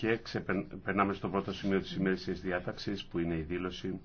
Και ξεπερνάμε στο πρώτο σημείο της ημέρησης διάταξης που είναι η δήλωση